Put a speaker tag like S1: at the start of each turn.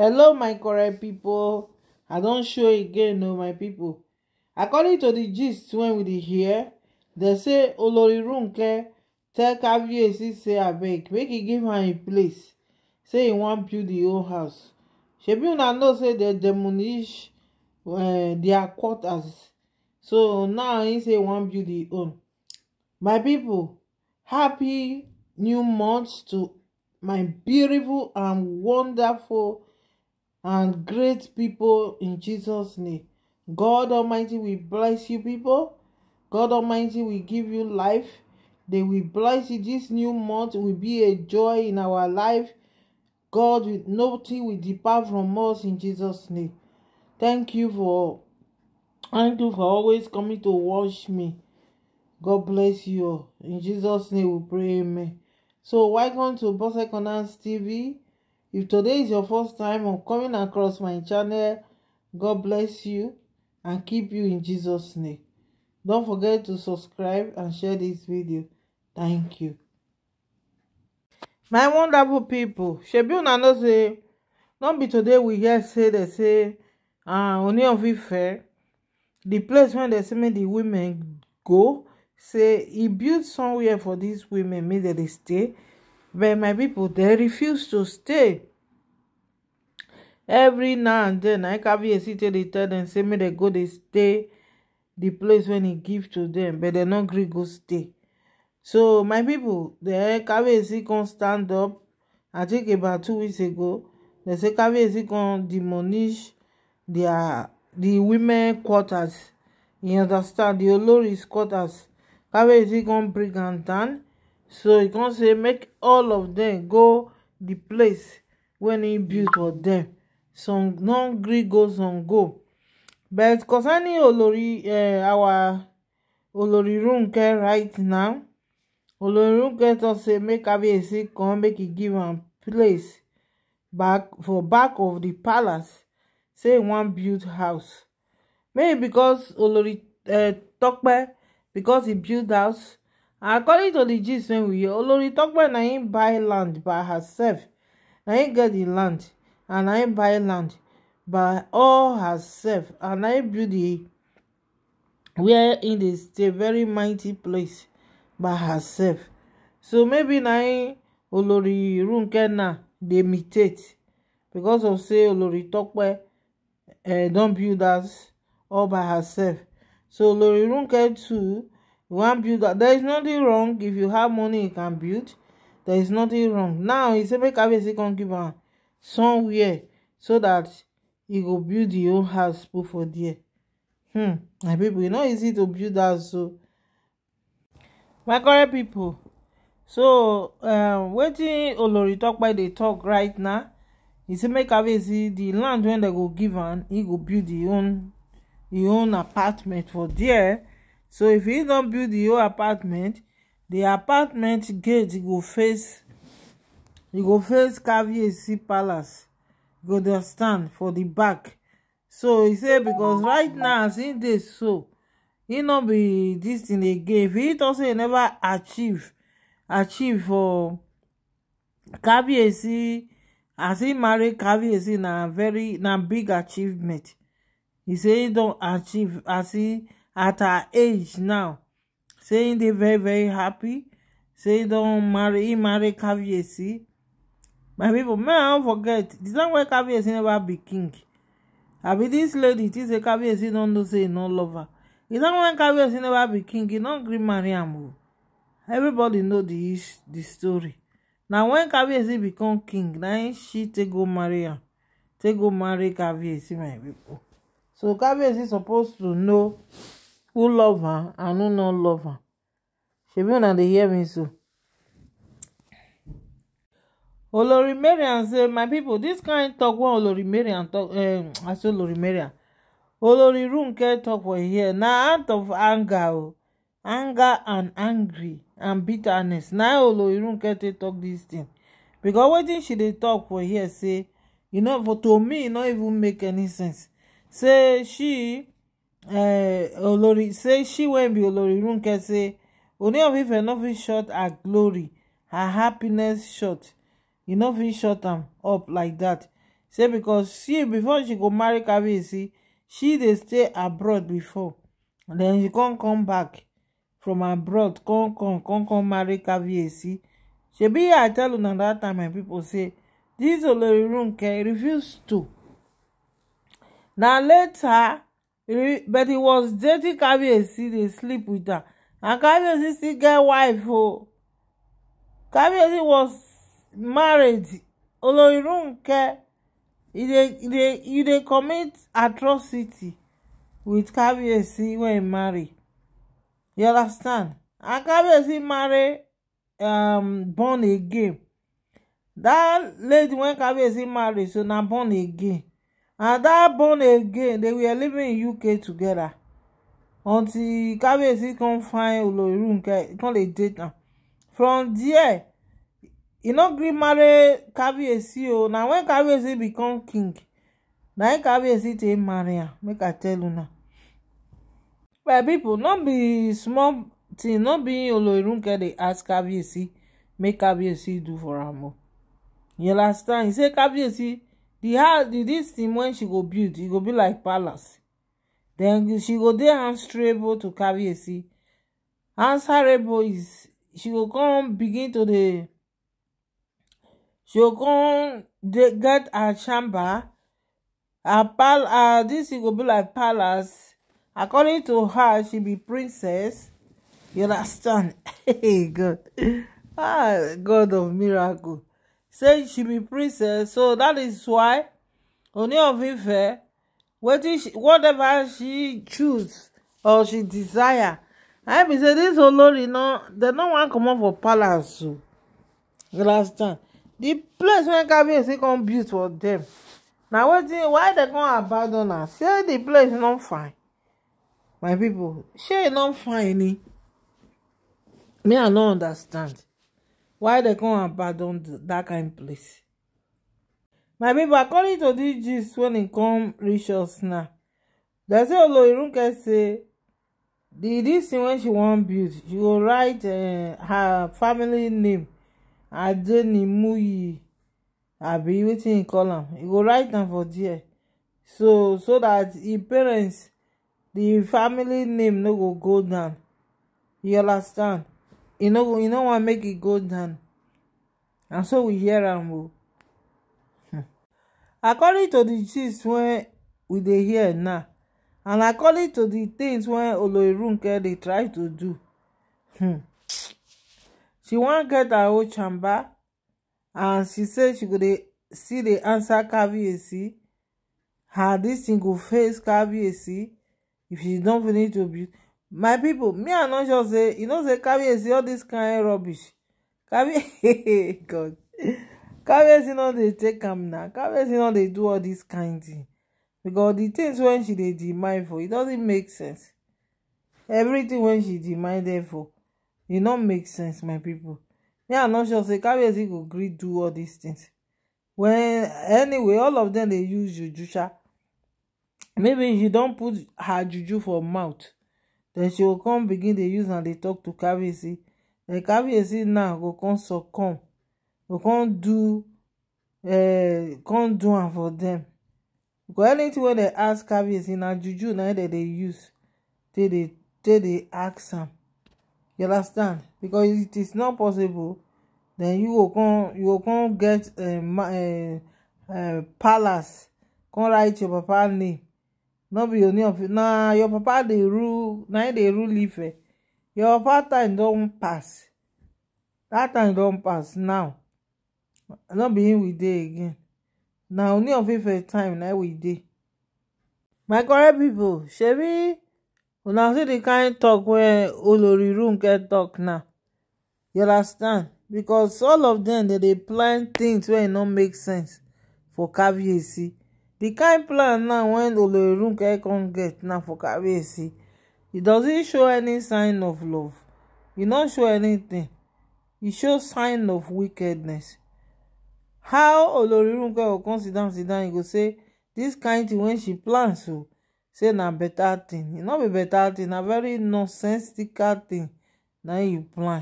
S1: hello my correct people. i don't show again no, my people. according to the gist when we hear they say olorironke tell caviarcy say I beg, make e give am a place say he wan build the own house shebi una know say they demolish dia eh, quarters so now he say e wan build the own my people, happy new month to my beautiful and wonderful and great people in Jesus' name. God Almighty will bless you, people. God Almighty will give you life. They will bless you. This new month will be a joy in our life. God will nothing will depart from us in Jesus' name. Thank you for thank you for always coming to watch me. God bless you. In Jesus' name we pray, amen. So welcome to Boss Economics TV if today is your first time of coming across my channel god bless you and keep you in jesus name don't forget to subscribe and share this video thank you my wonderful people. Shebu una know say not be today we hear say they say ah, oni of fair. The place where dem say make di women go say he build somewhere for these women make dem dey stay but my people, dey refuse to stay every now and then na nkvac tell dey tell dem say make dem go dey stay the place when he give to them." but they no gree go stay so my people, they carry a nkvac come stand up i think about two weeks ago They say carry a nkvac come demolish their the women quarters you understand the oloris quarters carry a nkvac come bring and down so he come say make all of them go the place when he build for them. some no gree go some go but concerning olori eh, our Olori olorirunke right now Olori olorirunke tok say make kabiyesi come make e give am place back for back of the palace say one wan build house maybe because olori eh, tope because he build house according to di gist wey we hear olori tokpe na im buy land by herself na im get di land and na im buy land by all herself and na im build di where im dey stay very mighty place by herself so maybe na im olori runke na dey imitate because of say olori tokpe eh, don build house all by herself so olori runke too you wan build there is nothing wrong if you have money you can build there is nothing wrong now he say make kabiyesi come give am somewhere so that he go build him own house put for there hmm my people e no easy to build house so. my correct people so um, wetin olori tope dey talk right now He say make kabiyesi the land wey dem go give am he go build him e own him e own apartment for there so if e don't build di whole apartment the apartment gate go face you go face caviarcy palace go dey stand for the back so he say because right now since this, so he not be dis tin again if e tok e never achieve achieve for caviarcy as e marry caviarcy na very na big achievement He say he don't achieve as e at her age now saying e very very happy saying don't don marry e marry caviarcy my people, make i no forget di time wey caviarcy never be king I be this lady think say caviarcy don know say no lover. her di time wey caviarcy never be king e don't gree marry am everybody know the story na wen caviarcy become king now she take go marry am take go marry caviarcy my people. so caviarcy supposed to know who love her and who not love am shebi una dey hear me so olori mariam say my people, this kind talk wey olori mariam talk. um, i say olori mariam olori runke talk for here Now out of anger anger and angry and bitterness Now e olori runke talk this thing because what wetin she dey talk for here say you know for to me e no even make any sense say she uh, olori say she wey be olori runke say oni of ife no fit short her glory her happiness short you no fit short am up like dat say because she before she go marry kabiyesi she dey stay abroad before then she come come back from abroad come come come come marry kabiyesi shebi i tell una dat time my pipo say dis olori runke refuse to na later but he was dating kabiyesi they sleep with her and kabiyesi still get wife Oh, kabiyesi was married olori Ronke e they commit atrocity with kabiyesi when he marry you understand and kabiyesi marry um, born again That lady when kabiyesi married so na born again ada born again they were living in uk together until kabiyesi come find olorunke come dey date am from there e no gree marry kabiyesi o na when kabiyesi become king na im kabiyesi take marry am make i tell una my pipo no be small tin no be olorunke dey ask kabiyesi make kabiyesi do for am o you understand e say kabiyesi the house the this thing when she go build it go be like palace then she go dey answerable to carry Kabiyesi answerable is she go come begin to dey she go come dey get her chamber her pal her this thing go be like palace according to her she be princess you understand hey God ah God of miracle say she be princess so that is why Ooni of Ife wetin she whatever she choose or she desire i be say dis olori no dem no wan comot for palace o last time, the place wey kabiyesi come build for dem na wetin why dem come abandon am say the place no fine my people. shey e no fine ni me i no understand why they come and abandon dat kain place my pipo according to dis gist when e come reach us now They say oloyinka say di this thing when she want build she go write eh, her family name adenimuyi I be e in column. e go write am for dear, so so that e parents the family name no go go down you understand You know, you know, wan make it go down and so we hear am o oh. hmm. according to the gist wey we dey hear now and according to the things wey oloirunke dey try to do hmm she wan get her own chamber and she say she go dey still dey answer caviarcy her dis thing go face caviarcy if she don finish to be my people, me i not sure say you know say caviarcy all dis kain rubbish god caviarcy no dey take am na caviarcy no dey do all this kind thing because the things wey she dey demand for e doesn't make sense everything wey she demanded for e no make sense my people, me i not sure say caviarcy go gree do all these things. when anyway all of them dey use juju sha maybe she don put her juju for mouth Then she go come begin to use and they talk to kabiyesi The kabiyesi now go come succumb go come do uh, come do am for them. because anything wey they ask kabiyesi now juju now dem they use they they they dey ask am you understand because it is not possible then you go come you go come get a uh, uh, palace come write your papa name no be only of na your papa dey rule na him dey rule ife eh. your papa time don pass That time don pass now no be him we dey again na only of ife time na we dey my correct pipo shebi una see di kind tok wey olorirunke talk now you understand Because all of dem dey plan tins wey no make sense for caviarcy The kind plan now when olorunke come get now for kabiyesi e doesn't show any sign of love e not show anything e show sign of wickedness how olorunke go come sit down sit down e go say this kind thing wey she plans, so say na better thing e not be better thing A very nonsensical thing na you plan